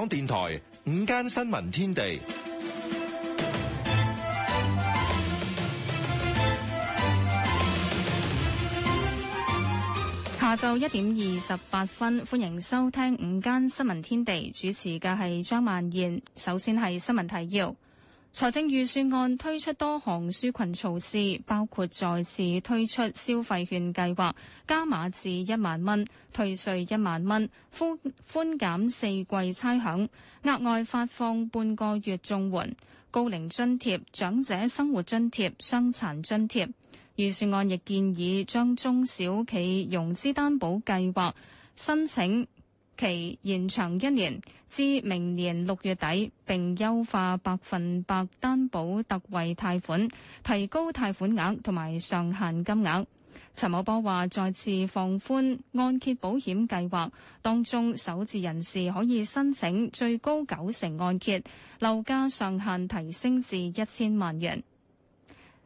港電台午間新聞天地，下晝一點二十八分，歡迎收聽午間新聞天地，主持嘅係張曼燕。首先係新聞提要。財政預算案推出多項紓困措施，包括再次推出消費券計劃，加碼至一萬蚊，退稅一萬蚊，寬寬減四季差餉，額外發放半個月綜援、高齡津貼、長者生活津貼、傷殘津貼。預算案亦建議將中小企融資擔保計劃申請期延長一年至明年六月底，並優化百分百擔保特惠貸款，提高貸款額同埋上限金額。陳茂波話再次放寬按揭保險計劃，當中首置人士可以申請最高九成按揭，樓價上限提升至一千萬元。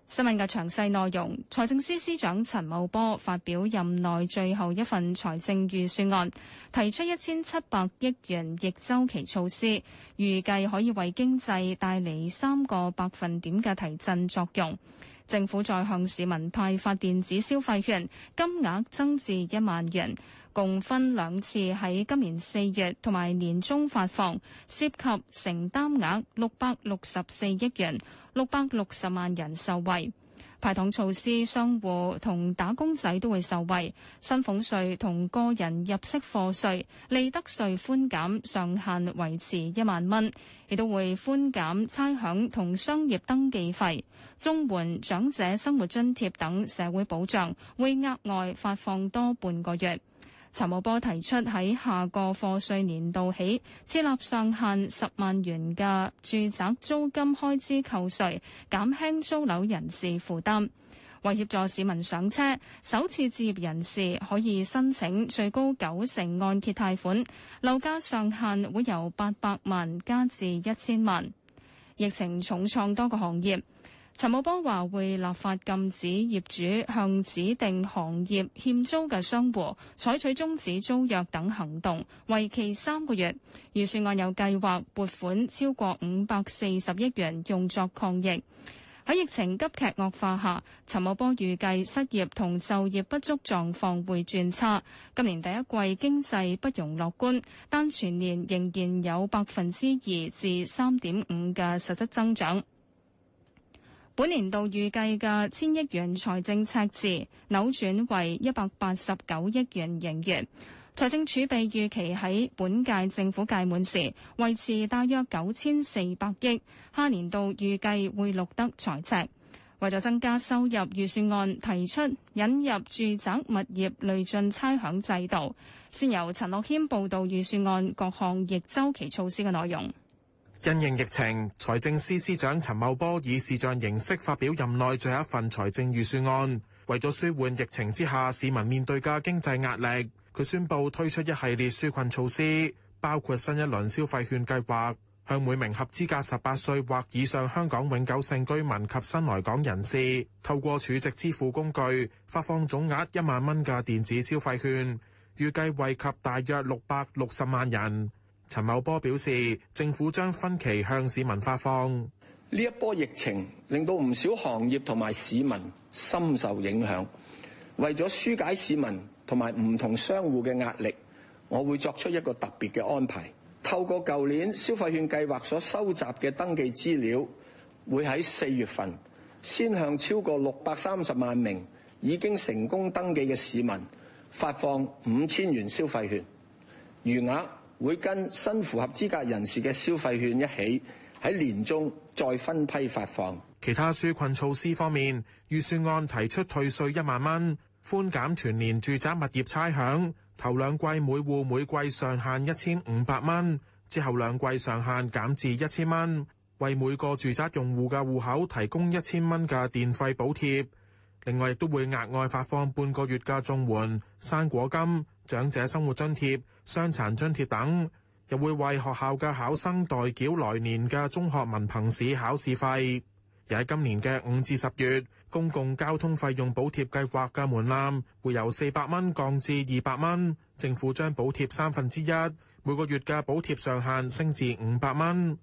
新聞嘅詳細內容，財政司司長陳茂波發表任內最後一份財政預算案，提出一千七百億元逆週期措施，預計可以為經濟帶嚟三個百分點嘅提振作用。政府再向市民派發電子消費券，金額增至一萬元。共分兩次喺今年四月同埋年中發放，涉及承擔額六百六十四億元，六百六十萬人受惠。派糖措施，商戶同打工仔都會受惠。薪俸稅同個人入息課稅，利得稅寬減上限維持一萬蚊，亦都會寬減差餉同商業登記費。綜援、長者生活津貼等社會保障會額外發放多半個月。陳茂波提出喺下個課稅年度起設立上限十萬元嘅住宅租金開支扣稅，減輕租樓人士負擔。為協助市民上車，首次置業人士可以申請最高九成按揭貸款，樓價上限會由八百萬加至一千萬。疫情重創多個行業。陳茂波話會立法禁止業主向指定行業欠租嘅商戶採取終止租約等行動，為期三個月。預算案有計劃撥款超過五百四十億元用作抗疫。喺疫情急劇惡化下，陳茂波預計失業同就業不足狀況會轉差。今年第一季經濟不容樂觀，但全年仍然有百分之二至三點五嘅實質增長。本年度預計嘅千億元財政赤字扭轉為一百八十九億元盈餘，財政儲備預期喺本屆政府屆滿時維持大約九千四百億，下年度預計會錄得財赤。為咗增加收入，預算案提出引入住宅物業累進差餉制度。先由陳樂謙報道預算案各項逆週期措施嘅內容。因應疫情，財政司司長陳茂波以視像形式發表任內最後一份財政預算案，為咗舒緩疫情之下市民面對嘅經濟壓力，佢宣布推出一系列紓困措施，包括新一輪消費券計劃，向每名合資格十八歲或以上香港永久性居民及新來港人士，透過儲值支付工具發放總額一萬蚊嘅電子消費券，預計惠及大約六百六十萬人。陳茂波表示，政府將分期向市民發放。呢一波疫情令到唔少行業同埋市民深受影響。為咗疏解市民同埋唔同商戶嘅壓力，我會作出一個特別嘅安排。透過舊年消費券計劃所收集嘅登記資料，會喺四月份先向超過六百三十萬名已經成功登記嘅市民發放五千元消費券餘額。會跟新符合資格人士嘅消費券一起喺年終再分批發放。其他紓困措施方面，預算案提出退稅一萬蚊，寬減全年住宅物業差餉，頭兩季每戶每季上限一千五百蚊，之後兩季上限減至一千蚊，為每個住宅用戶嘅戶口提供一千蚊嘅電費補貼。另外，亦都會額外發放半個月嘅綜援、生果金。長者生活津貼、傷殘津貼等，又會為學校嘅考生代繳來年嘅中學文憑試考試費。而喺今年嘅五至十月，公共交通費用補貼計劃嘅門檻會由四百蚊降至二百蚊，政府將補貼三分之一，每個月嘅補貼上限升至五百蚊。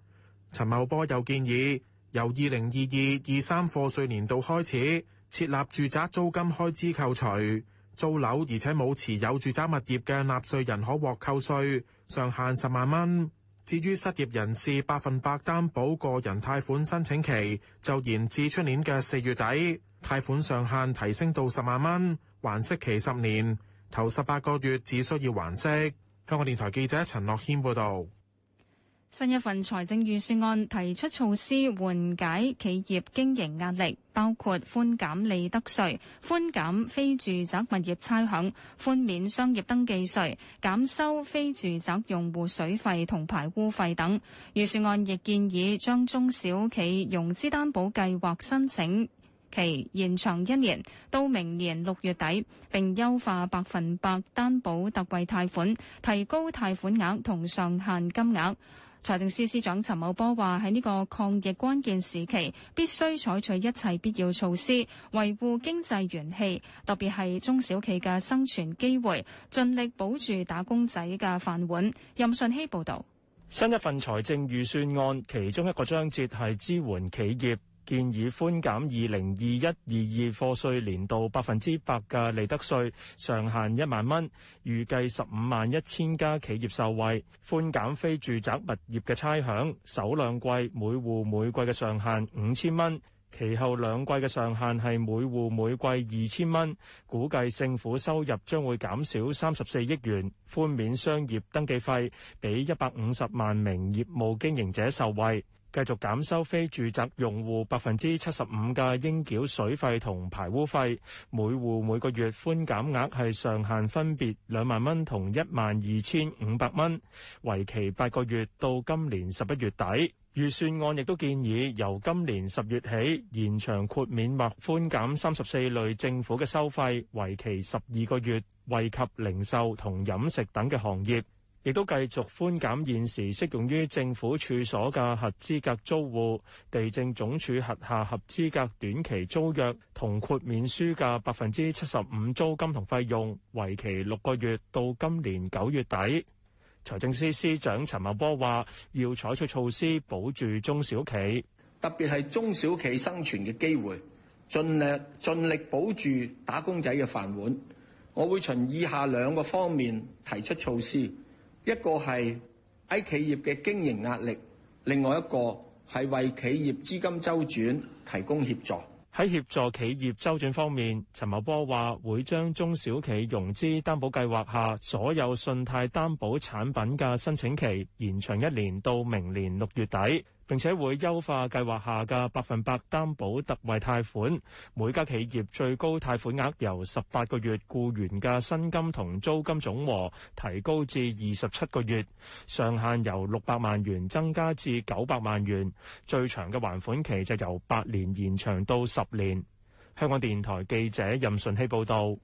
陳茂波又建議，由二零二二二三課稅年度開始，設立住宅租金開支扣除。租樓而且冇持有住宅物業嘅納稅人，可獲扣稅上限十萬蚊。至於失業人士，百分百擔保個人貸款申請期就延至出年嘅四月底，貸款上限提升到十萬蚊，還息期十年，頭十八個月只需要還息。香港電台記者陳樂謙報導。新一份財政預算案提出措施緩解企業經營壓力，包括寬減利得稅、寬減非住宅物業差餉、寬免商業登記稅、減收非住宅用戶水費同排污費等。預算案亦建議將中小企融資擔保計劃申請期延長一年到明年六月底，並優化百分百擔保特惠貸款，提高貸款額同上限金額。財政司司長陳茂波話：喺呢個抗疫關鍵時期，必須採取一切必要措施，維護經濟元氣，特別係中小企嘅生存機會，盡力保住打工仔嘅飯碗。任信希報道。新一份財政預算案其中一個章節係支援企業。建議寬減二零二一二二課稅年度百分之百嘅利得稅，上限一萬蚊，預計十五萬一千家企業受惠。寬減非住宅物業嘅差餉首兩季每戶每季嘅上限五千蚊，其後兩季嘅上限係每戶每季二千蚊。估計政府收入將會減少三十四億元。寬免商業登記費，俾一百五十萬名業務經營者受惠。繼續減收非住宅用戶百分之七十五嘅應繳水費同排污費，每戶每個月寬減額係上限分別兩萬蚊同一萬二千五百蚊，2, 1, 25, 000, 為期八個月到今年十一月底。預算案亦都建議由今年十月起延長豁免或寬減三十四類政府嘅收費，為期十二個月，惠及零售同飲食等嘅行業。亦都繼續寬減現時適用於政府處所嘅合資格租戶，地政總署轄下合資格短期租約同豁免書價百分之七十五租金同費用，為期六個月到今年九月底。財政司司長陳茂波話，要採取措施保住中小企，特別係中小企生存嘅機會，盡力盡力保住打工仔嘅飯碗。我會從以下兩個方面提出措施。一個係喺企業嘅經營壓力，另外一個係為企業資金周轉提供協助。喺協助企業周轉方面，陳茂波話會將中小企融資擔保計劃下所有信貸擔保產品嘅申請期延長一年，到明年六月底。並且會優化計劃下嘅百分百擔保特惠貸款，每家企業最高貸款額由十八個月僱員嘅薪金同租金總和提高至二十七個月，上限由六百萬元增加至九百萬元，最長嘅還款期就由八年延長到十年。香港電台記者任順希報道。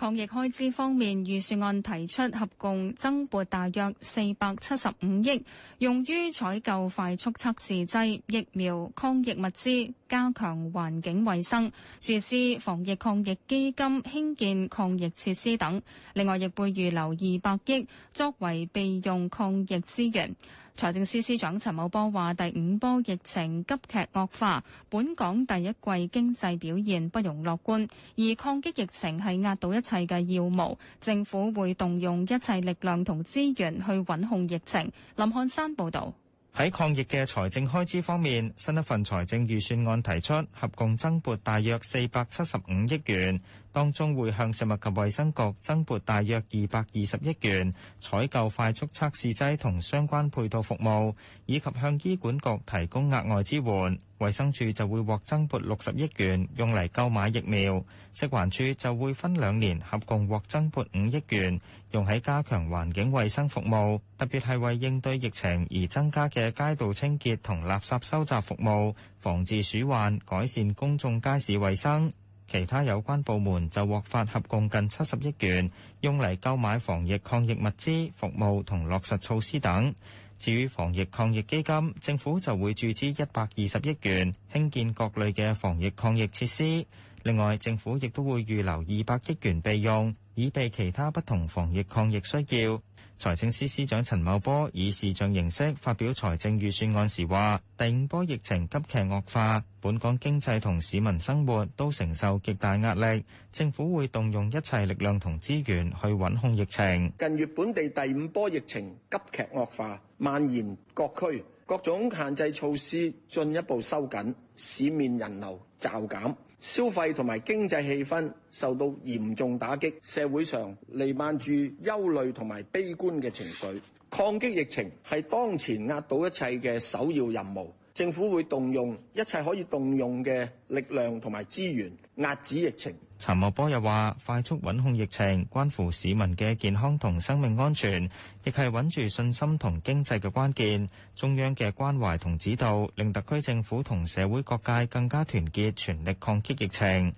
抗疫開支方面，預算案提出合共增撥大約四百七十五億，用於採購快速測試劑、疫苗、抗疫物資、加強環境衛生、注資防疫抗疫基金、興建抗疫設施等。另外亦，亦會預留二百億作為備用抗疫資源。財政司司長陳茂波話：第五波疫情急劇惡化，本港第一季經濟表現不容樂觀，而抗擊疫情係壓倒一切嘅要務。政府會動用一切力量同資源去穩控疫情。林漢山報導。喺抗疫嘅財政開支方面，新一份財政預算案提出合共增撥大約四百七十五億元。當中會向食物及衛生局增撥大約二百二十億元，採購快速測試劑同相關配套服務，以及向醫管局提供額外支援。衛生署就會獲增撥六十億元，用嚟購買疫苗；食環署就會分兩年合共獲增撥五億元，用喺加強環境衛生服務，特別係為應對疫情而增加嘅街道清潔同垃圾收集服務，防治鼠患，改善公眾街市衞生。其他有關部門就獲發合共近七十億元，用嚟購買防疫抗疫物資、服務同落實措施等。至於防疫抗疫基金，政府就會注資一百二十億元，興建各類嘅防疫抗疫設施。另外，政府亦都會預留二百億元備用，以備其他不同防疫抗疫需要。財政司司長陳茂波以視像形式發表財政預算案時話：第五波疫情急劇惡化，本港經濟同市民生活都承受極大壓力，政府會動用一切力量同資源去穩控疫情。近月本地第五波疫情急劇惡化，蔓延各區，各種限制措施進一步收緊，市面人流驟減。消費同埋經濟氣氛受到嚴重打擊，社會上彌漫住憂慮同埋悲觀嘅情緒。抗擊疫情係當前壓倒一切嘅首要任務，政府會動用一切可以動用嘅力量同埋資源壓止疫情。陳茂波又話：快速穩控疫情，關乎市民嘅健康同生命安全，亦係穩住信心同經濟嘅關鍵。中央嘅關懷同指導，令特區政府同社會各界更加團結，全力抗擊疫情。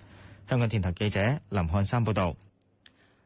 香港電台記者林漢山報導。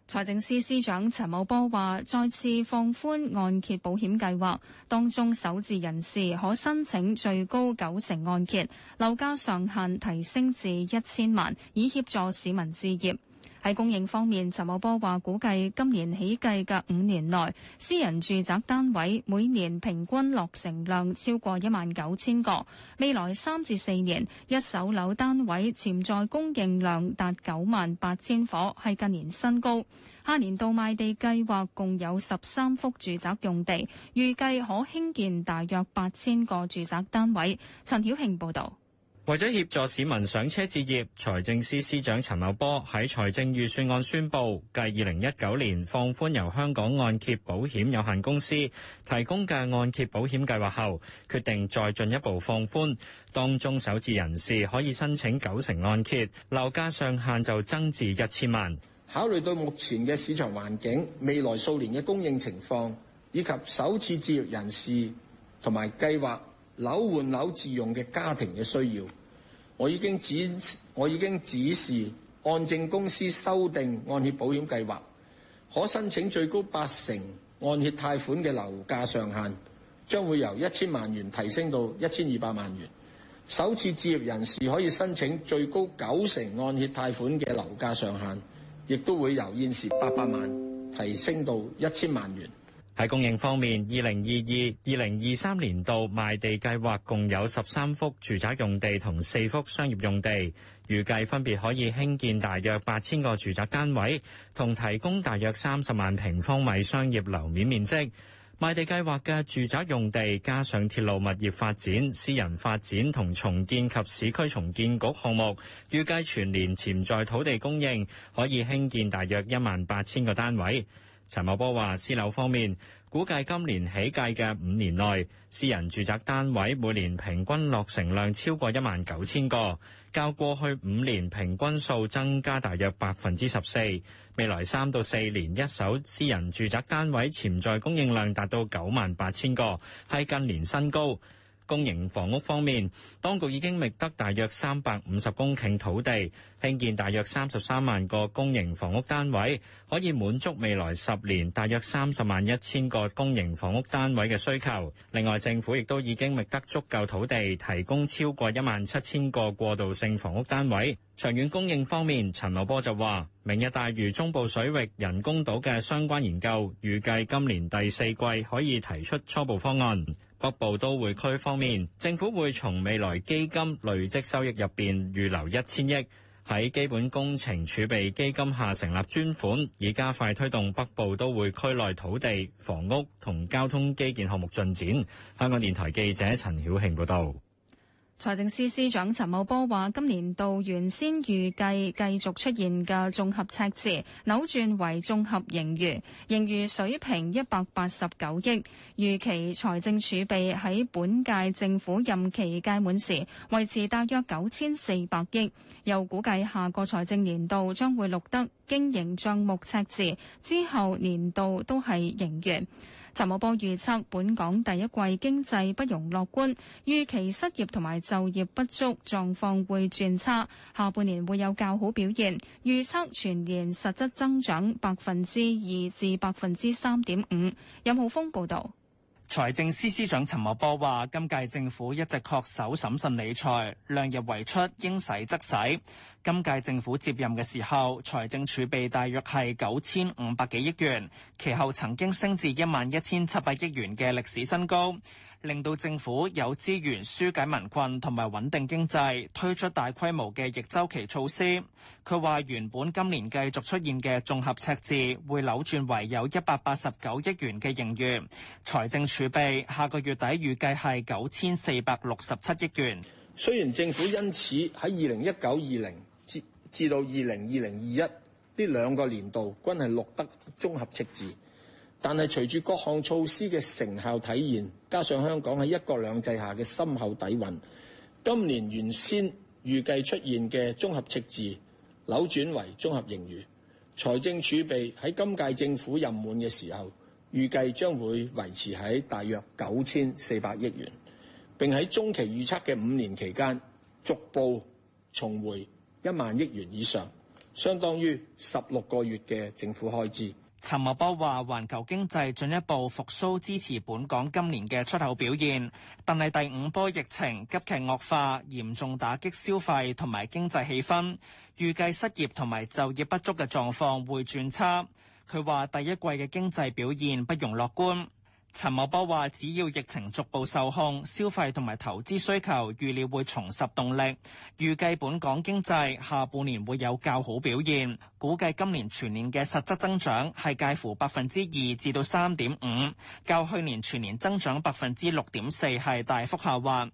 財政司司長陳茂波話，再次放寬按揭保險計劃，當中首置人士可申請最高九成按揭，樓價上限提升至一千萬，以協助市民置業。喺供應方面，陳茂波話：估計今年起計嘅五年內，私人住宅單位每年平均落成量超過一萬九千個。未來三至四年，一手樓單位潛在供應量達九萬八千伙，係近年新高。下年度賣地計劃共有十三幅住宅用地，預計可興建大約八千個住宅單位。陳曉慶報導。為咗協助市民上車置業，財政司司長陳茂波喺財政預算案宣布，繼二零一九年放寬由香港按揭保險有限公司提供嘅按揭保險計劃後，決定再進一步放寬，當中首次人士可以申請九成按揭，樓價上限就增至一千萬。考慮到目前嘅市場環境、未來數年嘅供應情況以及首次置業人士同埋計劃。樓換樓自用嘅家庭嘅需要，我已經指，我已經指示按證公司修訂按揭保險計劃，可申請最高八成按揭貸款嘅樓價上限，將會由一千萬元提升到一千二百萬元。首次置業人士可以申請最高九成按揭貸款嘅樓價上限，亦都會由現時八百萬提升到一千萬元。喺供應方面，二零二二、二零二三年度賣地計劃共有十三幅住宅用地同四幅商業用地，預計分別可以興建大約八千個住宅單位，同提供大約三十萬平方米商業樓面面積。賣地計劃嘅住宅用地加上鐵路物業發展、私人發展同重建及市區重建局項目，預計全年潛在土地供應可以興建大約一萬八千個單位。陳茂波話：私樓方面，估計今年起計嘅五年內，私人住宅單位每年平均落成量超過一萬九千個，較過去五年平均數增加大約百分之十四。未來三到四年，一手私人住宅單位潛在供應量達到九萬八千個，係近年新高。公營房屋方面，當局已經覓得大約三百五十公頃土地，興建大約三十三萬個公營房屋單位，可以滿足未來十年大約三十萬一千個公營房屋單位嘅需求。另外，政府亦都已經覓得足夠土地，提供超過一萬七千個過渡性房屋單位。長遠供應方面，陳茂波就話，明日大嶼中部水域人工島嘅相關研究，預計今年第四季可以提出初步方案。北部都會區方面，政府會從未來基金累積收益入面預留一千億，喺基本工程儲備基金下成立專款，以加快推動北部都會區內土地、房屋同交通基建項目進展。香港電台記者陳曉慶報道。財政司司長陳茂波話：今年度原先預計繼續出現嘅綜合赤字，扭轉為綜合盈餘，盈餘水平一百八十九億。預期財政儲備喺本屆政府任期屆滿時維持大約九千四百億。又估計下個財政年度將會錄得經營帳目赤字，之後年度都係盈餘。陳茂波預測本港第一季經濟不容樂觀，預期失業同埋就業不足狀況會轉差，下半年會有較好表現，預測全年實質增長百分之二至百分之三點五。任浩峰報道。財政司司長陳茂波話，今屆政府一直恪守審慎理財，量入為出，應使則使。今屆政府接任嘅時候，財政儲備大約係九千五百幾億元，其後曾經升至一萬一千七百億元嘅歷史新高。令到政府有資源舒解民困同埋穩定經濟，推出大規模嘅逆周期措施。佢話原本今年繼續出現嘅綜合赤字，會扭轉為有一百八十九億元嘅盈餘。財政儲備下個月底預計係九千四百六十七億元。雖然政府因此喺二零一九二零至至到二零二零二一呢兩個年度均係錄得綜合赤字。但係隨住各項措施嘅成效體現，加上香港喺一國兩制下嘅深厚底蘊，今年原先預計出現嘅綜合赤字，扭轉為綜合盈餘。財政儲備喺今屆政府任滿嘅時候，預計將會維持喺大約九千四百億元，並喺中期預測嘅五年期間，逐步重回一萬億元以上，相當於十六個月嘅政府開支。陳茂波話：環球經濟進一步復甦，支持本港今年嘅出口表現，但係第五波疫情急劇惡化，嚴重打擊消費同埋經濟氣氛。預計失業同埋就業不足嘅狀況會轉差。佢話第一季嘅經濟表現不容樂觀。陳茂波話：只要疫情逐步受控，消費同埋投資需求預料會重拾動力，預計本港經濟下半年會有較好表現，估計今年全年嘅實質增長係介乎百分之二至到三點五，較去年全年增長百分之六點四係大幅下滑。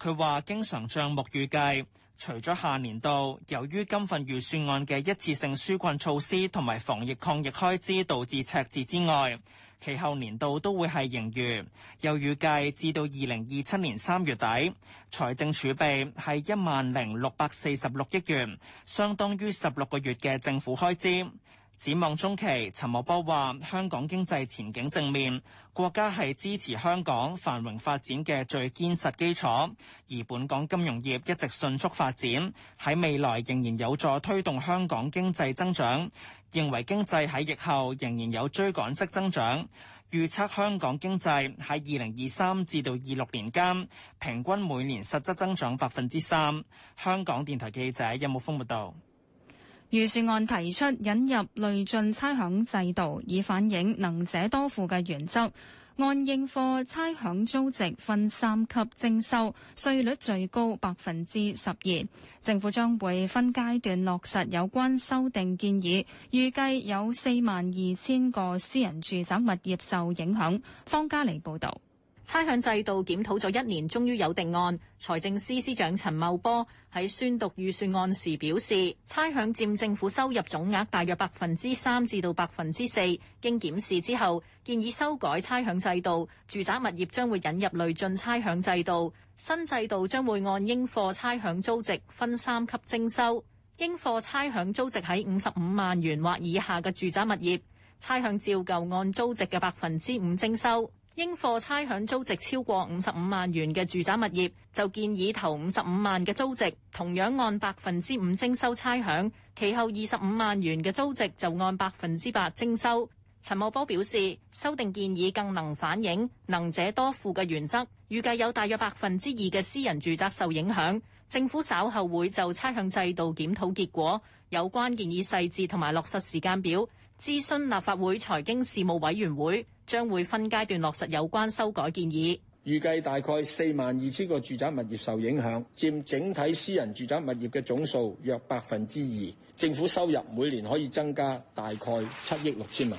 佢話經常帳目預計，除咗下年度由於今份預算案嘅一次性紓困措施同埋防疫抗疫開支導致赤字之外，其後年度都會係盈餘，又預計至到二零二七年三月底，財政儲備係一萬零六百四十六億元，相當於十六個月嘅政府開支。展望中期，陳茂波話，香港經濟前景正面，國家係支持香港繁榮發展嘅最堅實基礎，而本港金融業一直迅速發展，喺未來仍然有助推動香港經濟增長。認為經濟喺疫後仍然有追趕式增長，預測香港經濟喺二零二三至到二六年間平均每年實質增長百分之三。香港電台記者任木峯報道。預算案提出引入累進差餉制度，以反映能者多付嘅原則。按應課差餉租值分三級徵收，稅率最高百分之十二。政府將會分階段落實有關修訂建議，預計有四萬二千個私人住宅物業受影響。方家莉報導。差餉制度檢討咗一年，終於有定案。財政司司長陳茂波喺宣讀預算案時表示，差餉佔政府收入總額大約百分之三至到百分之四。經檢視之後，建議修改差餉制度，住宅物業將會引入累進差餉制度。新制度將會按應課差餉租值分三級徵收。應課差餉租值喺五十五萬元或以下嘅住宅物業，差餉照舊按租值嘅百分之五徵收。應課差餉租值超過五十五萬元嘅住宅物業，就建議頭五十五萬嘅租值，同樣按百分之五徵收差餉；其後二十五萬元嘅租值就按百分之八徵收。陳茂波表示，修訂建議更能反映能者多付嘅原則，預計有大約百分之二嘅私人住宅受影響。政府稍後會就差餉制度檢討結果，有關建議細節同埋落實時間表。諮詢立法會財經事務委員會將會分階段落實有關修改建議，預計大概四萬二千個住宅物業受影響，佔整體私人住宅物業嘅總數約百分之二。政府收入每年可以增加大概七億六千萬。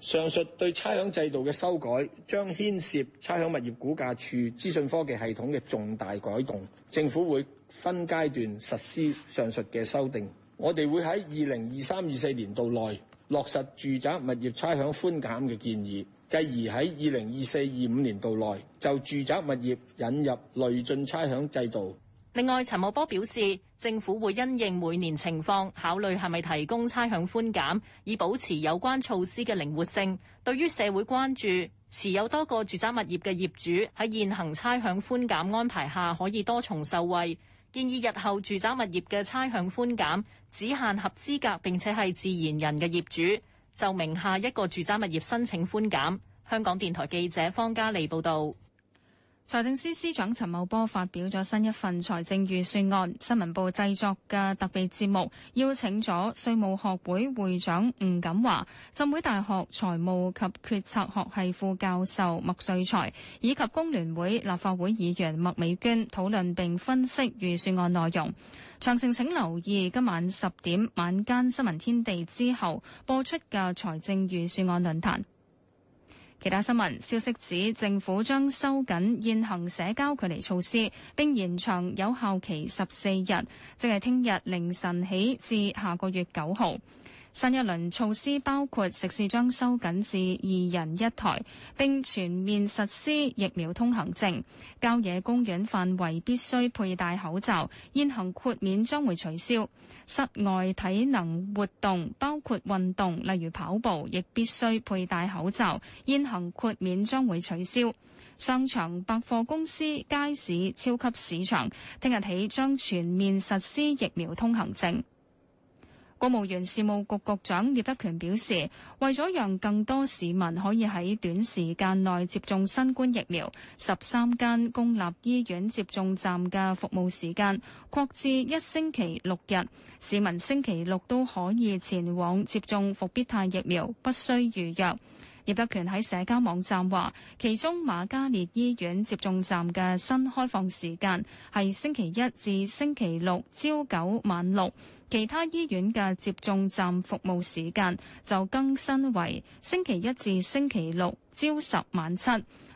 上述對差餉制度嘅修改將牽涉差餉物業估價處資訊科技系統嘅重大改動。政府會分階段實施上述嘅修訂。我哋會喺二零二三、二四年度內，落實住宅物業差餉寬減嘅建議，繼而喺二零二四、二五年度內就住宅物業引入累進差餉制度。另外，陳茂波表示，政府會因應每年情況，考慮係咪提供差餉寬減，以保持有關措施嘅靈活性。對於社會關注持有多個住宅物業嘅業主喺現行差餉寬減安排下可以多重受惠，建議日後住宅物業嘅差餉寬減。只限合資格並且係自然人嘅業主就名下一個住宅物業申請寬減。香港電台記者方嘉莉報道。財政司司長陳茂波發表咗新一份財政預算案。新聞部製作嘅特別節目邀請咗稅務學會會長吳錦華、浸會大學財務及決策學系副教授麥瑞才、以及工聯會立法會議員麥美娟討論並分析預算案內容。詳情請留意今晚十點晚間新聞天地之後播出嘅財政預算案論壇。其他新聞消息指，政府將收緊現行社交距離措施，並延長有效期十四日，即係聽日凌晨起至下個月九號。新一輪措施包括食肆將收緊至二人一台，並全面實施疫苗通行證。郊野公園範圍必須佩戴口罩，現行豁免將會取消。室外體能活動包括運動，例如跑步，亦必須佩戴口罩，現行豁免將會取消。商場、百貨公司、街市、超級市場，聽日起將全面實施疫苗通行證。公務員事務局局長聶德權表示，為咗讓更多市民可以喺短時間內接種新冠疫苗，十三間公立醫院接種站嘅服務時間擴至一星期六日，市民星期六都可以前往接種復必泰疫苗，不需預約。葉德權喺社交網站話，其中馬嘉烈醫院接種站嘅新開放時間係星期一至星期六朝九晚六，其他醫院嘅接種站服務時間就更新為星期一至星期六朝十晚七，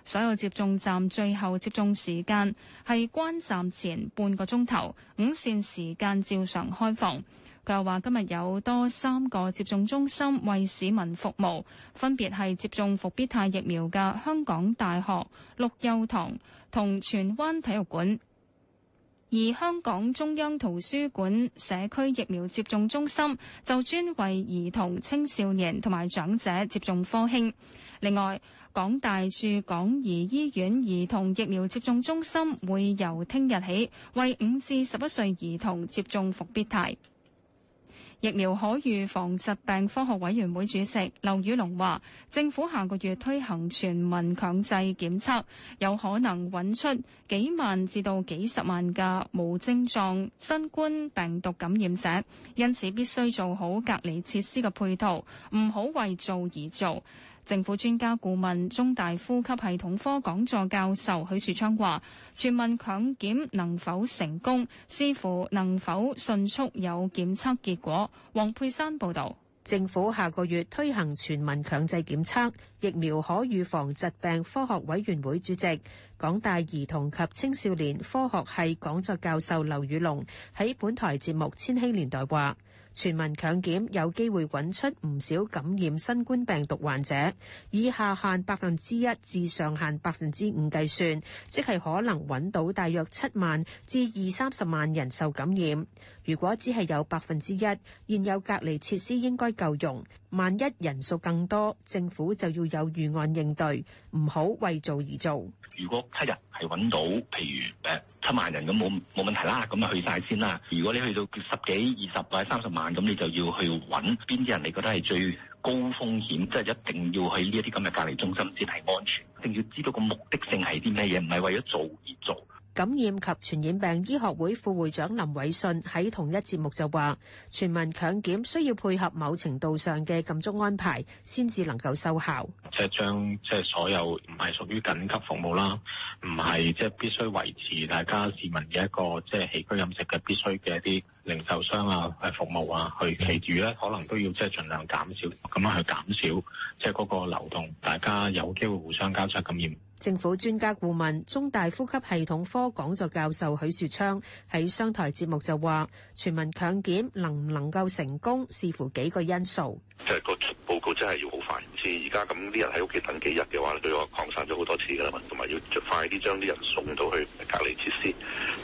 所有接種站最後接種時間係關站前半個鐘頭，午膳時間照常開放。佢又話：今日有多三個接種中心為市民服務，分別係接種復必泰疫苗嘅香港大學、陸佑堂同荃灣體育館。而香港中央圖書館社區疫苗接種中心就專為兒童、青少年同埋長者接種科興。另外，港大駐港怡醫院兒童疫苗接種中心會由聽日起為五至十一歲兒童接種復必泰。疫苗可預防疾病科學委員會主席劉宇龍話，政府下個月推行全民強制檢測，有可能搵出幾萬至到幾十萬嘅無症狀新冠病毒感染者，因此必須做好隔離設施嘅配套，唔好為做而做。政府專家顧問、中大呼吸系統科講座教授許樹昌話：全民強檢能否成功，視乎能否迅速有檢測結果。黃佩珊報導。政府下個月推行全民強制檢測，疫苗可預防疾病科學委員會主席、港大兒童及青少年科學系講座教授劉宇龍喺本台節目《千禧年代》話。全民強檢有機會揾出唔少感染新冠病毒患者，以下限百分之一至上限百分之五計算，即係可能揾到大約七萬至二三十萬人受感染。如果只係有百分之一現有隔離設施應該夠用，萬一人數更多，政府就要有預案應對，唔好為做而做。如果七日係揾到，譬如誒七萬人咁冇冇問題啦，咁啊去晒先啦。如果你去到十幾、二十或者三十萬，咁你就要去揾邊啲人，你覺得係最高風險，即係一定要去呢一啲咁嘅隔離中心先係安全。一定要知道個目的性係啲咩嘢，唔係為咗做而做。感染及傳染病醫學會副會長林偉信喺同一節目就話，全民強檢需要配合某程度上嘅禁足安排，先至能夠收效。即係將即係所有唔係屬於緊急服務啦，唔係即係必須維持大家市民嘅一個即係起居飲食嘅必須嘅一啲零售商啊、服務啊，去。其餘咧可能都要即係盡量減少，咁樣去減少即係嗰個流動，大家有機會互相交叉感染。政府專家顧問、中大呼吸系統科講座教授許樹昌喺商台節目就話：全民強檢能唔能夠成功，視乎幾個因素。就係個報告真係要好快，似而家咁啲人喺屋企等幾日嘅話，佢我擴散咗好多次噶啦，同埋要快啲將啲人送到去隔離設施。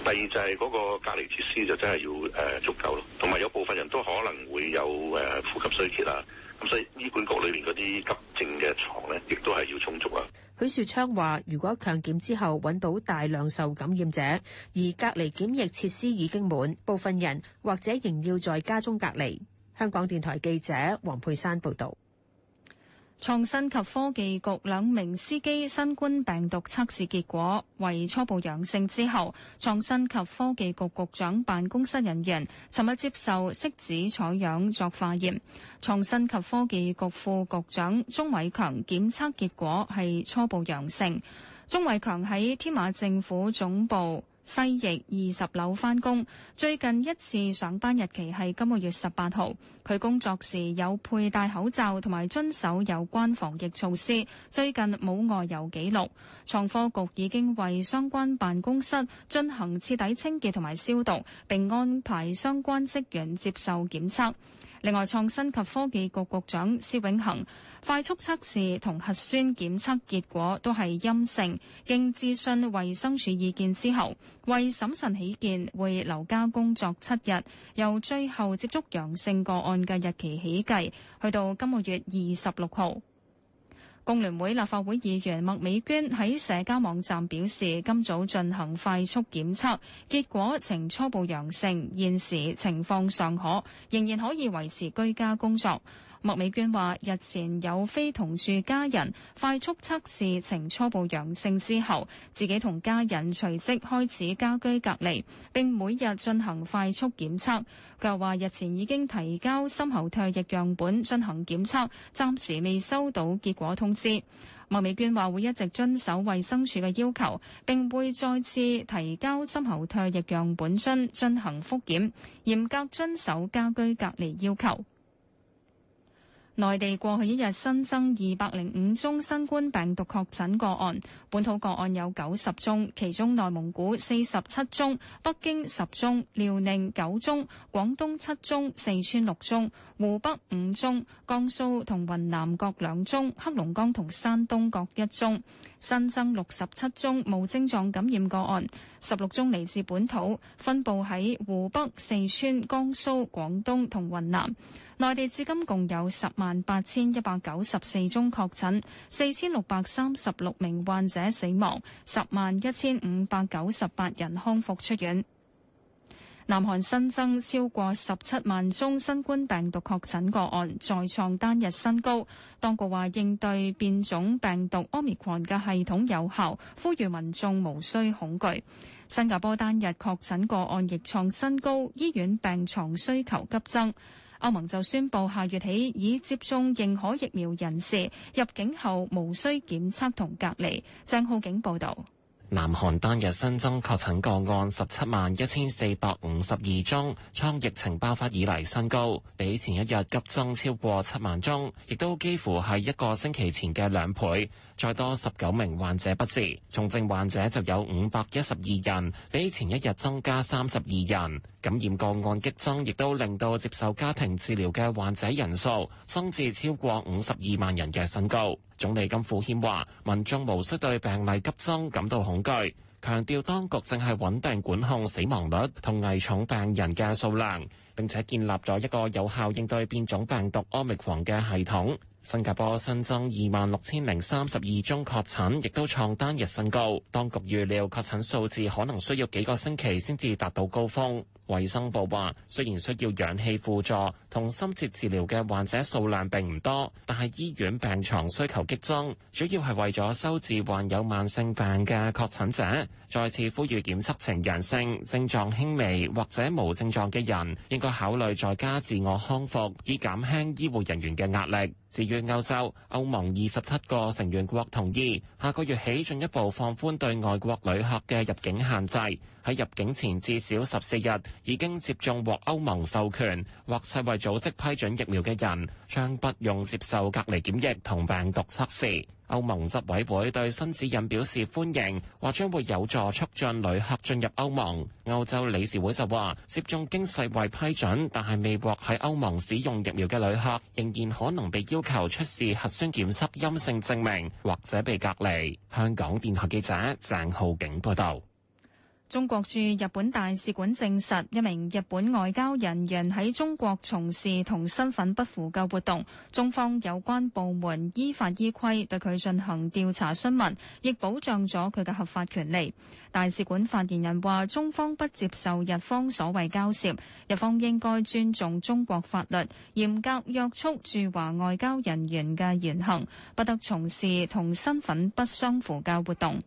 第二就係嗰個隔離設施就真係要誒足夠咯，同埋有部分人都可能會有誒呼吸衰竭啊，咁所以醫管局裏面嗰啲急症嘅床咧，亦都係要充足啊。許樹昌話：如果強檢之後搵到大量受感染者，而隔離檢疫設施已經滿，部分人或者仍要在家中隔離。香港電台記者黃佩珊報道。創新及科技局兩名司機新冠病毒測試結果為初步陽性之後，創新及科技局局長辦公室人員尋日接受拭子採樣作化驗。創新及科技局副局長鍾偉強檢測結果係初步陽性，鍾偉強喺添馬政府總部西翼二十樓返工，最近一次上班日期係今個月十八號。佢工作時有佩戴口罩，同埋遵守有關防疫措施。最近冇外遊記錄。創科局已經為相關辦公室進行徹底清潔同埋消毒，並安排相關職員接受檢測。另外，創新及科技局局，局長施永恆。快速測試同核酸檢測結果都係陰性，經諮詢衛生署意見之後，為審慎起見，會留家工作七日，由最後接觸陽性個案嘅日期起計，去到今個月二十六號。工聯會立法會議員麥美娟喺社交網站表示，今早進行快速檢測，結果呈初步陽性，現時情況尚可，仍然可以維持居家工作。莫美娟話：日前有非同住家人快速測試呈初步陽性之後，自己同家人隨即開始家居隔離，並每日進行快速檢測。佢又話：日前已經提交深喉唾液樣本進行檢測，暫時未收到結果通知。莫美娟話：會一直遵守衛生署嘅要求，並會再次提交深喉唾液樣本樽進行復檢，嚴格遵守家居隔離要求。內地過去一日新增二百零五宗新冠病毒確診個案，本土個案有九十宗，其中內蒙古四十七宗，北京十宗，遼寧九宗，廣東七宗，四川六宗，湖北五宗，江蘇同雲南各兩宗，黑龍江同山東各一宗。新增六十七宗無症狀感染個案，十六宗嚟自本土，分佈喺湖北、四川、江蘇、廣東同雲南。內地至今共有十萬八千一百九十四宗確診，四千六百三十六名患者死亡，十萬一千五百九十八人康復出院。南韓新增超過十七萬宗新冠病毒確診個案，再創單日新高。當局話應對變種病毒 Omicron 嘅系統有效，呼籲民眾無需恐懼。新加坡單日確診個案亦創新高，醫院病床需求急增。歐盟就宣布下月起，已接種認可疫苗人士入境後無需檢測同隔離。鄭浩景報導。南韓單日新增確診個案十七萬一千四百五十二宗，創疫情爆發以嚟新高，比前一日急增超過七萬宗，亦都幾乎係一個星期前嘅兩倍。再多十九名患者不治，重症患者就有五百一十二人，比前一日增加三十二人。感染個案激增，亦都令到接受家庭治療嘅患者人數增至超過五十二萬人嘅新高。總理金富謙話：民眾無需對病例急增感到恐懼，強調當局正係穩定管控死亡率同危重病人嘅數量，並且建立咗一個有效應對變種病毒 Omicron 嘅系統。新加坡新增二萬六千零三十二宗確診，亦都創單日新高。當局預料確診數字可能需要幾個星期先至達到高峰。衛生部話，雖然需要氧氣輔助同深切治療嘅患者數量並唔多，但係醫院病床需求激增，主要係為咗收治患有慢性病嘅確診者。再次呼籲檢測呈陽性、症狀輕微或者無症狀嘅人，應該考慮在家自我康復，以減輕醫護人員嘅壓力。至於歐洲，歐盟二十七個成員國同意，下個月起進一步放寬對外國旅客嘅入境限制。喺入境前至少十四日已經接種獲歐盟授權或世衛組織批准疫苗嘅人，將不用接受隔離檢疫同病毒測試。歐盟執委會對新指引表示歡迎，或將會有助促進旅客進入歐盟。歐洲理事會就話，接種經世衛批准但係未獲喺歐盟使用疫苗嘅旅客，仍然可能被要求出示核酸檢測陰性證明，或者被隔離。香港電台記者鄭浩景報道。中國駐日本大使館證實，一名日本外交人員喺中國從事同身份不符嘅活動，中方有關部門依法依規對佢進行調查詢問，亦保障咗佢嘅合法權利。大使館發言人話，中方不接受日方所謂交涉，日方應該尊重中國法律，嚴格約束駐華外交人員嘅言行，不得從事同身份不相符嘅活動。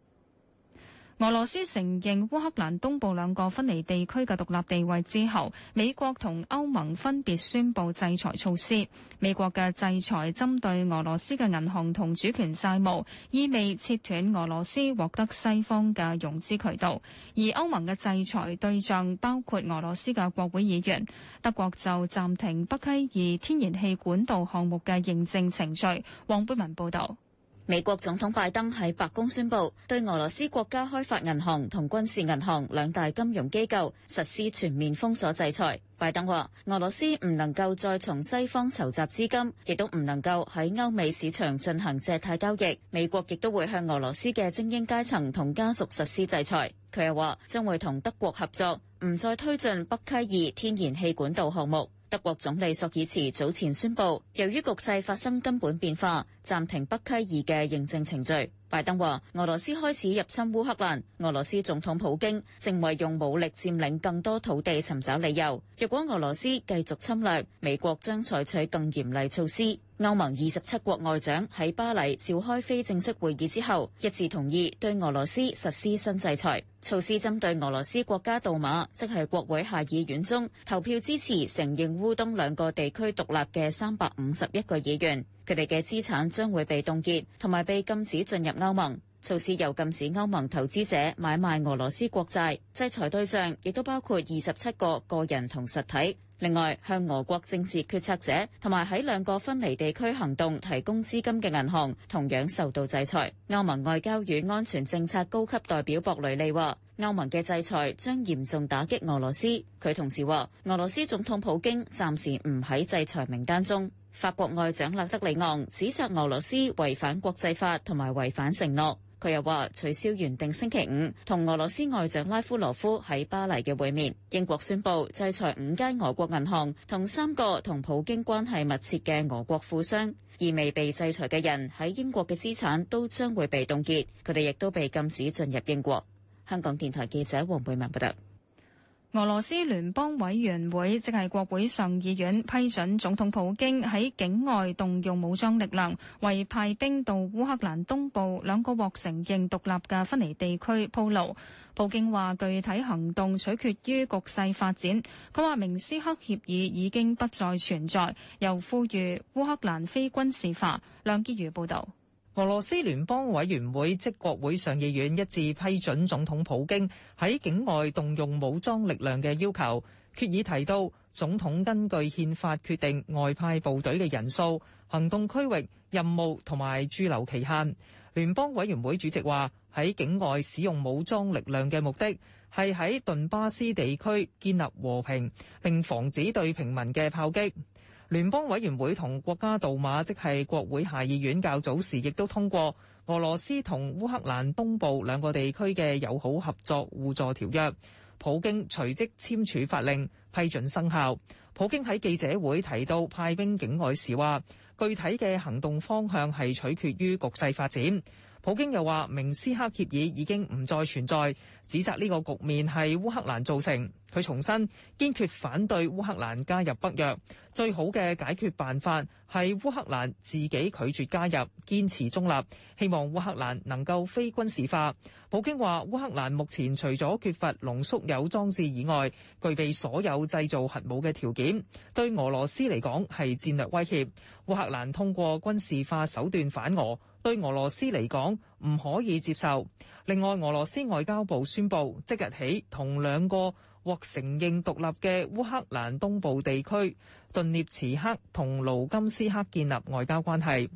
俄羅斯承認烏克蘭東部兩個分離地區嘅獨立地位之後，美國同歐盟分別宣布制裁措施。美國嘅制裁針對俄羅斯嘅銀行同主權債務，意味切斷俄羅斯獲得西方嘅融資渠道。而歐盟嘅制裁對象包括俄羅斯嘅國會議員。德國就暫停北溪二天然氣管道項目嘅認證程序。黃貝文報導。美國總統拜登喺白宮宣布，對俄羅斯國家開發銀行同軍事銀行兩大金融機構實施全面封鎖制裁。拜登話：俄羅斯唔能夠再從西方籌集資金，亦都唔能夠喺歐美市場進行借貸交易。美國亦都會向俄羅斯嘅精英階層同家屬實施制裁。佢又話：將會同德國合作，唔再推進北溪二天然氣管道項目。德國總理索爾茨早前宣布，由於局勢發生根本變化，暫停北溪二嘅認證程序。拜登話：俄羅斯開始入侵烏克蘭，俄羅斯總統普京正為用武力佔領更多土地尋找理由。若果俄羅斯繼續侵略，美國將採取更嚴厲措施。歐盟二十七國外長喺巴黎召開非正式會議之後，一致同意對俄羅斯實施新制裁。措施針對俄羅斯國家杜馬，即係國會下議院中投票支持承認烏東兩個地區獨立嘅三百五十一個議員，佢哋嘅資產將會被凍結，同埋被禁止進入歐盟。措施又禁止歐盟投資者買賣俄羅斯國債，制裁對象亦都包括二十七個個人同實體。另外，向俄國政治決策者同埋喺兩個分離地區行動提供資金嘅銀行，同樣受到制裁。歐盟外交與安全政策高級代表博雷利話。歐盟嘅制裁將嚴重打擊俄羅斯。佢同時話，俄羅斯總統普京暫時唔喺制裁名單中。法國外長勒德里昂指責俄羅斯違反國際法同埋違反承諾。佢又話取消原定星期五同俄羅斯外長拉夫羅夫喺巴黎嘅會面。英國宣佈制裁五間俄國銀行同三個同普京關係密切嘅俄國富商，而未被制裁嘅人喺英國嘅資產都將會被凍結，佢哋亦都被禁止進入英國。香港電台記者黃貝文報道，俄羅斯聯邦委員會即係國會上議院批准總統普京喺境外動用武裝力量，為派兵到烏克蘭東部兩個獲承認獨立嘅分離地區鋪路。普京話具體行動取決於局勢發展。佢話明斯克協議已經不再存在，又呼籲烏克蘭非軍事化。梁潔如報道。俄羅斯聯邦委員會即國會上議院一致批准總統普京喺境外動用武裝力量嘅要求。決議提到，總統根據憲法決定外派部隊嘅人數、行動區域、任務同埋駐留期限。聯邦委員會主席話：喺境外使用武裝力量嘅目的係喺頓巴斯地區建立和平，並防止對平民嘅炮擊。聯邦委員會同國家杜馬即係國會下議院較早時亦都通過俄羅斯同烏克蘭東部兩個地區嘅友好合作互助條約，普京隨即簽署法令批准生效。普京喺記者會提到派兵境外時話，具體嘅行動方向係取決於局勢發展。普京又話：明斯克協議已經唔再存在，指責呢個局面係烏克蘭造成。佢重申堅決反對烏克蘭加入北約，最好嘅解決辦法係烏克蘭自己拒絕加入，堅持中立。希望烏克蘭能夠非軍事化。普京話：烏克蘭目前除咗缺乏濃縮鈾裝置以外，具備所有製造核武嘅條件，對俄羅斯嚟講係戰略威脅。烏克蘭通過軍事化手段反俄。對俄羅斯嚟講，唔可以接受。另外，俄羅斯外交部宣布，即日起，同兩個獲承認獨立嘅烏克蘭東部地區，頓涅茨克同盧甘斯克建立外交關係。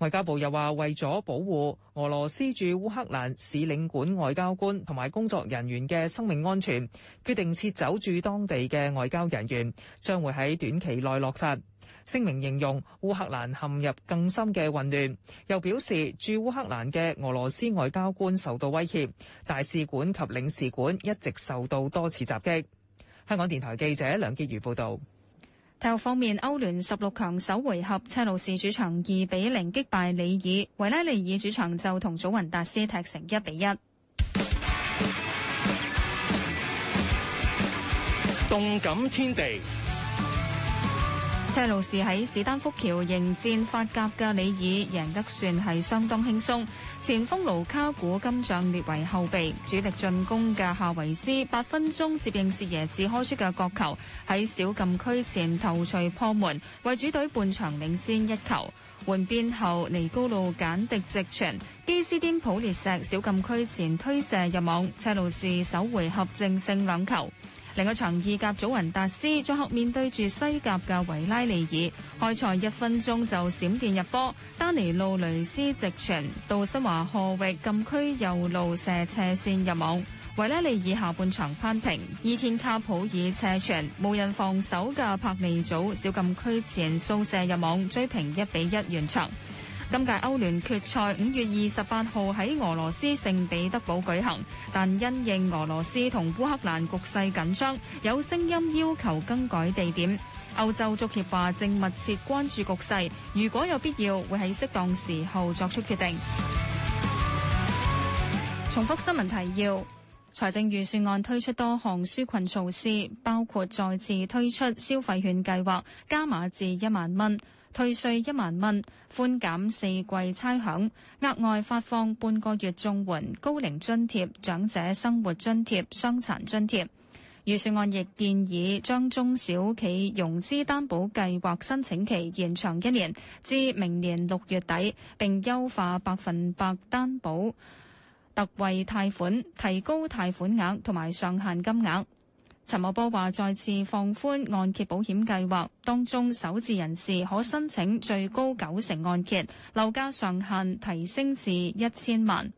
外交部又話，為咗保護俄羅斯駐烏克蘭使領館外交官同埋工作人員嘅生命安全，決定撤走駐當地嘅外交人員，將會喺短期內落實。聲明形容烏克蘭陷入更深嘅混亂，又表示駐烏克蘭嘅俄羅斯外交官受到威脅，大使館及領事館一直受到多次襲擊。香港電台記者梁潔如報道。體育方面，歐聯十六強首回合，車路士主場二比零擊敗里爾，維拉利爾主場就同祖雲達斯踢成一比一。動感天地，車路士喺史丹福橋迎戰法甲嘅里爾，贏得算係相當輕鬆。前鋒盧卡古金像列為後備，主力進攻嘅夏維斯八分鐘接應謝耶子開出嘅角球喺小禁區前頭槌破門，為主隊半場領先一球。換邊後尼高路簡迪直傳，基斯丁普列石小禁區前推射入網，車路士首回合淨勝兩球。另一場意甲，祖雲達斯最後面對住西甲嘅維拉利爾，開賽一分鐘就閃電入波，丹尼路雷斯直傳到新華河域禁區右路射斜線入網。維拉利爾下半場扳平，伊天卡普爾斜傳無人防守嘅帕尼祖小禁區前掃射入網，追平，一比一完場。今屆歐聯決賽五月二十八號喺俄羅斯聖彼得堡舉行，但因應俄羅斯同烏克蘭局勢緊張，有聲音要求更改地點。歐洲足協話正密切關注局勢，如果有必要，會喺適當時候作出決定。重複新聞提要：財政預算案推出多項紓困措施，包括再次推出消費券計劃，加碼至一萬蚊，退稅一萬蚊。寬減四季差餉，額外發放半個月綜援、高齡津貼、長者生活津貼、傷殘津貼。預算案亦建議將中小企融資擔保計劃申請期延長一年至明年六月底，並優化百分百擔保特惠貸款，提高貸款額同埋上限金額。陳茂波話，再次放寬按揭保險計劃，當中首置人士可申請最高九成按揭，樓價上限提升至一千萬。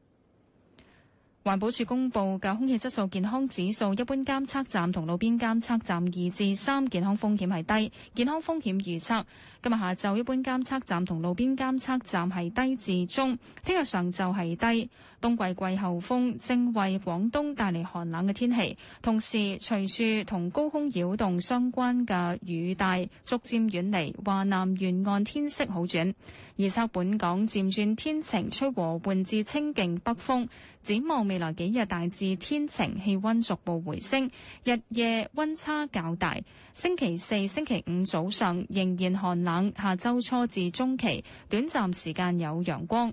環保署公布嘅空氣質素健康指數，一般監測站同路邊監測站二至三，健康風險係低。健康風險預測今日下晝一般監測站同路邊監測站係低至中，聽日上晝係低。冬季季候風正為廣東帶嚟寒冷嘅天氣，同時隨住同高空擾動相關嘅雨帶逐漸遠離，華南沿岸天色好轉。預測本港漸轉天晴，吹和緩至清勁北風。展望未來幾日大致天晴，氣溫逐步回升，日夜溫差較大。星期四、星期五早上仍然寒冷，下周初至中期短暫時間有陽光。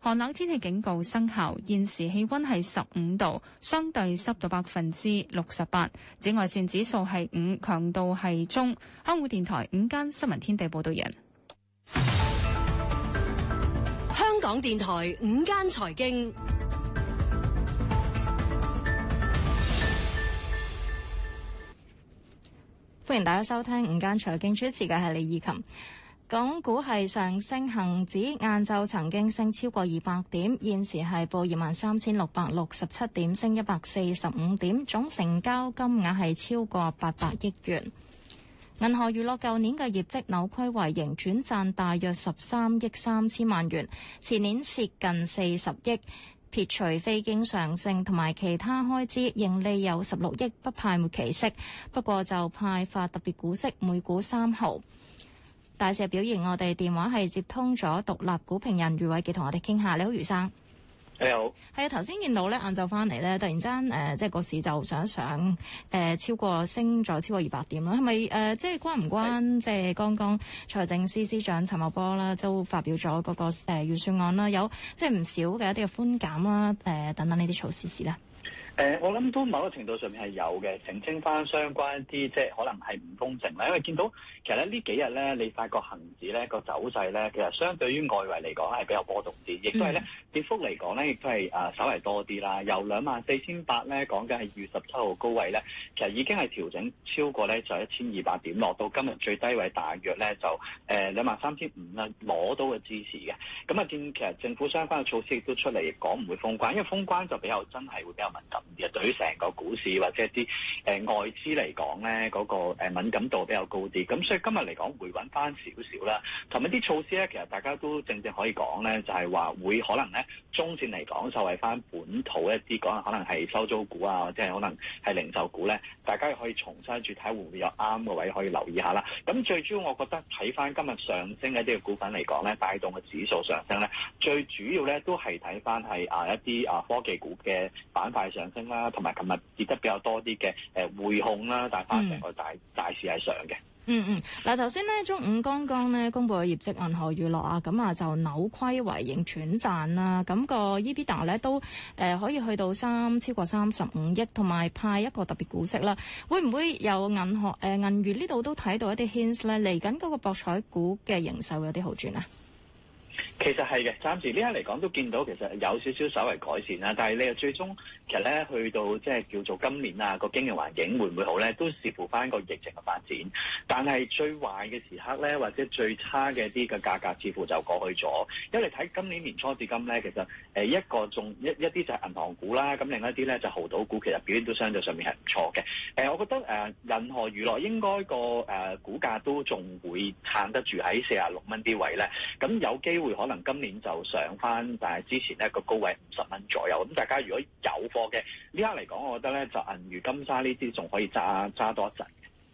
寒冷天氣警告生效。現時氣溫係十五度，相對濕度百分之六十八，紫外綫指數係五，強度係中。香港電台午間新聞天地報道人。香港電台午間財經，歡迎大家收聽午間財經。主持嘅係李怡琴。港股係上升，恒指晏晝曾經升超過二百點，現時係報二萬三千六百六十七點，升一百四十五點，總成交金額係超過八百億元。銀河娛樂舊年嘅業績扭虧為盈，轉賺大約十三億三千萬元，前年蝕近四十億，撇除非經常性同埋其他開支，盈利有十六億，不派末期息，不過就派發特別股息每股三毫。大市表現，我哋電話係接通咗獨立股評人余偉傑同我哋傾下，你好余生。你好，係啊 Hey ,，頭先見到咧，晏晝翻嚟咧，突然間誒、呃，即係個市就想一想誒、呃，超過升咗超過二百點啦，係咪誒，即係關唔關的即係剛剛財政司司長陳茂波啦，都發表咗嗰、那個誒預、呃、算案啦，有即係唔少嘅一啲嘅寬減啦，誒等等呢啲措施事咧。啦誒、呃，我諗都某個程度上面係有嘅，澄清翻相關啲即係可能係唔公正啦。因為見到其實咧呢幾日咧，你發覺恒指咧個走勢咧，其實相對於外圍嚟講係比較波動啲，亦都係咧、嗯、跌幅嚟講咧亦都係誒稍為多啲啦。由兩萬四千八咧講緊係二十七號高位咧，其實已經係調整超過咧就一千二百點落，落到今日最低位大約咧就誒兩萬三千五啦，攞、呃、到嘅支持嘅。咁、嗯、啊見其實政府相關嘅措施亦都出嚟講唔會封關，因為封關就比較真係會比較敏感。對於成個股市或者一啲誒外資嚟講咧，嗰個敏感度比較高啲，咁所以今日嚟講回穩翻少少啦。同一啲措施咧，其實大家都正正可以講咧，就係話會可能咧，中線嚟講受惠翻本土一啲，可能可能係收租股啊，或者係可能係零售股咧，大家可以重新住睇下會唔會有啱嘅位可以留意下啦。咁最主要我覺得睇翻今日上升一啲嘅股份嚟講咧，帶動嘅指數上升咧，最主要咧都係睇翻係啊一啲啊科技股嘅板塊上啦，同埋琴日跌得比較多啲嘅，誒匯控啦，但係翻成個大大市係上嘅。嗯。嗯嗯，嗱，頭先咧中午剛剛咧公布嘅業績，銀河娛樂啊，咁啊就扭虧為盈，轉賺啦。咁個 EBITDA 咧都誒可以去到三超過三十五億，同埋派一個特別股息啦。會唔會有銀行誒銀娛呢度都睇到一啲 hints 咧？嚟緊嗰個博彩股嘅營收有啲好轉啊？其實係嘅，暫時呢一嚟講都見到其實有少少稍為改善啦。但係你又最終其實咧去到即係叫做今年啊個經營環境會唔會好咧，都視乎翻個疫情嘅發展。但係最壞嘅時刻咧，或者最差嘅啲嘅價格，似乎就過去咗。因為你睇今年年初至今咧，其實誒一個仲一一啲就係銀行股啦，咁另一啲咧就豪賭股，其實表現都相對上面係唔錯嘅。誒、呃，我覺得誒銀河娛樂應該個誒、呃、股價都仲會撐得住喺四十六蚊啲位咧。咁有機會可。可能今年就上翻，但係之前呢個高位五十蚊左右。咁大家如果有貨嘅呢刻嚟講，我覺得呢，就銀娛金沙呢啲仲可以揸揸多一陣。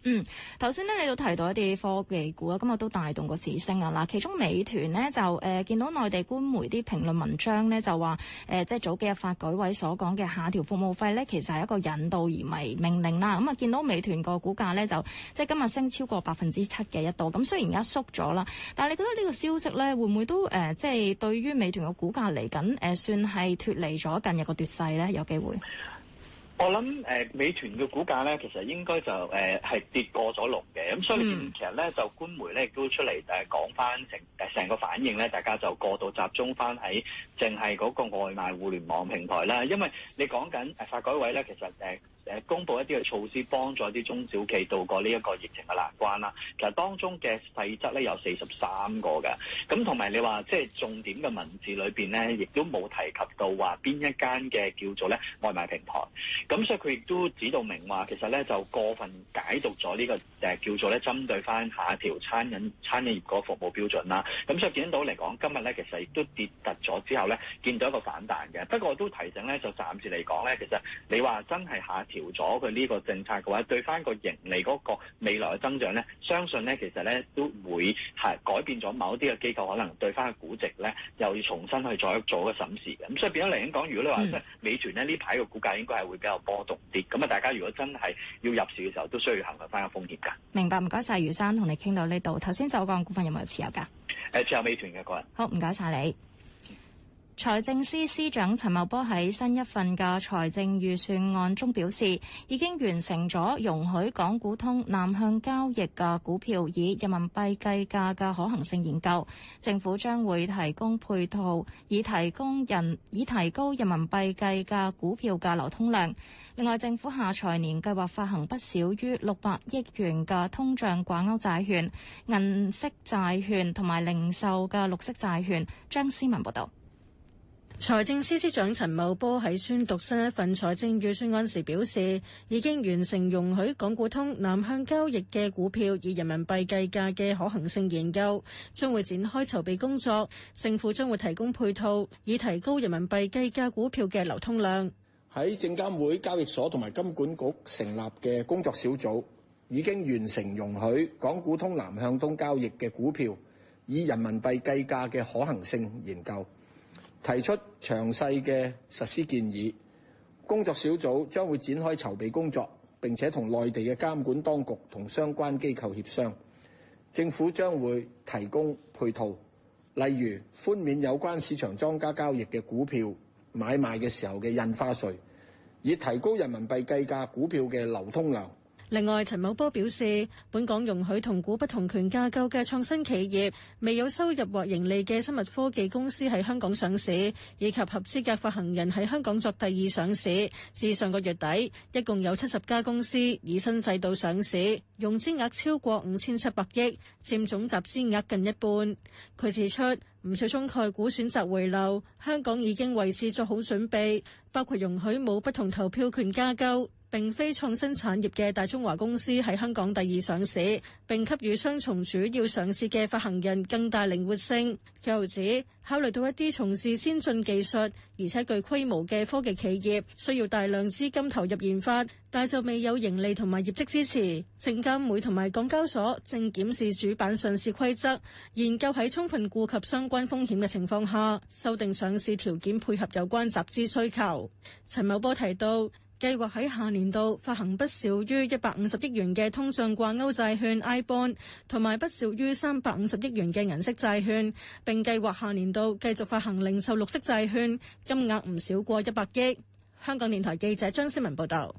嗯，頭先咧你都提到一啲科技股啊，今日都帶動個市升啊。嗱，其中美團咧就誒、呃、見到內地官媒啲評論文章咧就話誒、呃，即係早幾日發改委所講嘅下調服務費咧，其實係一個引導而唔係命令啦。咁啊，見到美團個股價咧就即係今日升超過百分之七嘅一度。咁雖然而家縮咗啦，但係你覺得呢個消息咧會唔會都誒即係對於美團嘅股價嚟緊誒算係脫離咗近日個奪勢咧？有機會？我諗誒、呃，美團嘅股價咧，其實應該就誒係、呃、跌過咗龍嘅，咁所以其實咧就官媒咧都出嚟誒講翻成誒成個反應咧，大家就過度集中翻喺淨係嗰個外賣互聯網平台啦，因為你講緊誒發改委咧，其實誒。呃誒公佈一啲嘅措施，幫助啲中小企渡過呢一個疫情嘅難關啦。其實當中嘅細則咧有四十三個嘅，咁同埋你話即係重點嘅文字裏邊咧，亦都冇提及到話邊一間嘅叫做咧外賣平台。咁所以佢亦都指到明話，其實咧就過分解讀咗呢個誒叫做咧針對翻下一條餐飲餐飲業個服務標準啦。咁所以見到嚟講，今日咧其實亦都跌突咗之後咧，見到一個反彈嘅。不過我都提醒咧，就暫時嚟講咧，其實你話真係下一。調咗佢呢個政策嘅話，對翻個盈利嗰個未來嘅增長咧，相信咧其實咧都會係改變咗某一啲嘅機構可能對翻個估值咧，又要重新去再做一個審視嘅。咁所以變咗嚟講，如果你話即係美團咧呢排嘅股價應該係會比較波動啲。咁、嗯、啊、嗯，大家如果真係要入市嘅時候，都需要衡量翻個風險噶。明白，唔該晒，余生同你傾到呢度。頭先就講股份有冇持有噶？誒、呃，持有美團嘅個人。好，唔該晒你。財政司司長陳茂波喺新一份嘅財政預算案中表示，已經完成咗容許港股通南向交易嘅股票以人民幣計價嘅可行性研究。政府將會提供配套，以提供人以提高人民幣計價股票嘅流通量。另外，政府下財年計劃發行不少於六百億元嘅通脹掛鈎債券、銀色債券同埋零售嘅綠色債券。張思文報導。財政司司長陳茂波喺宣讀新一份財政預算案時表示，已經完成容許港股通南向交易嘅股票以人民幣計價嘅可行性研究，將會展開籌備工作。政府將會提供配套，以提高人民幣計價股票嘅流通量。喺證監會、交易所同埋金管局成立嘅工作小組，已經完成容許港股通南向通交易嘅股票以人民幣計價嘅可行性研究。提出詳細嘅實施建議，工作小組將會展開籌備工作，並且同內地嘅監管當局同相關機構協商。政府將會提供配套，例如寬免有關市場莊家交易嘅股票買賣嘅時候嘅印花稅，以提高人民幣計價股票嘅流通量。另外，陳茂波表示，本港容許同股不同權架構嘅創新企業，未有收入或盈利嘅生物科技公司喺香港上市，以及合資格發行人喺香港作第二上市。至上個月底，一共有七十家公司以新制度上市，融資額超過五千七百億，佔總集資額近一半。佢指出，唔少中概股選擇回流，香港已經為此做好準備，包括容許冇不同投票權架構，並非創新產業嘅大中華公司喺香港第二上市，並給予雙重主要上市嘅發行人更大靈活性。佢又指考慮到一啲從事先進技術而且具規模嘅科技企業需要大量資金投入研發，但就未有盈利同埋業績支持，證監會同埋港交所正檢視主板上市規則，研究喺充分顧及相關風險嘅情況下，修訂上市條件，配合有關集資需求。陳茂波提到，計劃喺下年度發行不少於一百五十億元嘅通脹掛鈎債券 i bond，同埋不少於三百五十億元嘅銀色債券，並計劃下年度繼續發行零售綠色債券，金額唔少過一百億。香港電台記者張思文報道。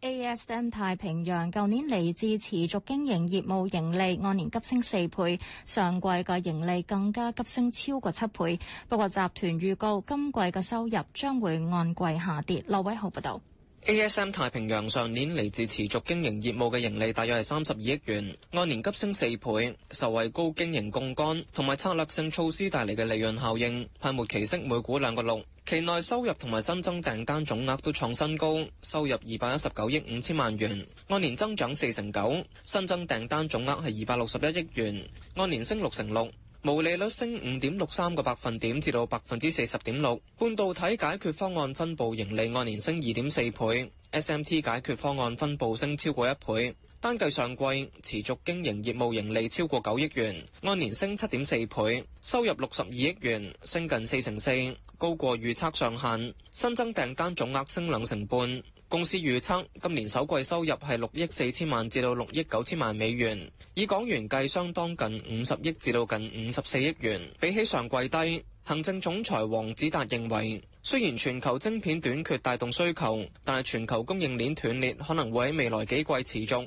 A S M 太平洋舊年嚟自持續經營業務盈利按年急升四倍，上季嘅盈利更加急升超過七倍。不過集團預告今季嘅收入將會按季下跌。劉偉豪報道。ASM 太平洋上年嚟自持續經營業務嘅盈利大約係三十二億元，按年急升四倍，受惠高經營槓桿同埋策略性措施帶嚟嘅利潤效應，派末期息每股兩個六。期內收入同埋新增訂單總額都創新高，收入二百一十九億五千萬元，按年增長四成九；新增訂單總額係二百六十一億元，按年升六成六。毛利率升五點六三個百分點，至到百分之四十點六。半導體解決方案分部盈利按年升二點四倍，SMT 解決方案分部升超過一倍。單計上季持續經營業務盈利超過九億元，按年升七點四倍，收入六十二億元，升近四成四，高過預測上限。新增訂單總額升兩成半。公司預測今年首季收入係六億四千萬至到六億九千萬美元，以港元計相當近五十億至到近五十四億元。比起上季低，行政總裁黃子達認為，雖然全球晶片短缺帶動需求，但係全球供應鏈斷裂可能會喺未來幾季持續。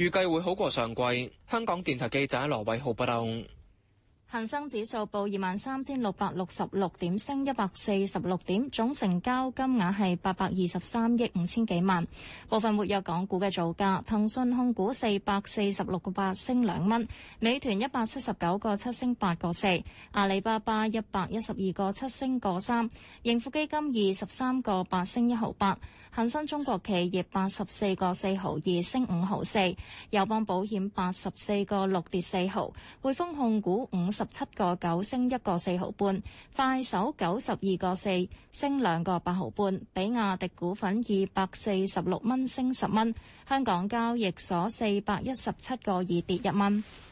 預計會好過上季。香港電台記者羅偉浩報道。恒生指數報二萬三千六百六十六點，升一百四十六點，總成交金額係八百二十三億五千幾萬。部分活躍港股嘅造價：騰訊控股四百四十六個八升兩蚊，美團一百七十九個七升八個四，阿里巴巴一百一十二個七升個三，盈富基金二十三個八升一毫八，恒生中國企業八十四個四毫二升五毫四，友邦保險八十四個六跌四毫，匯豐控股五。十七個九升一個四毫半，快手九十二個四升兩個八毫半，比亞迪股份二百四十六蚊升十蚊，香港交易所四百一十七個二跌一蚊。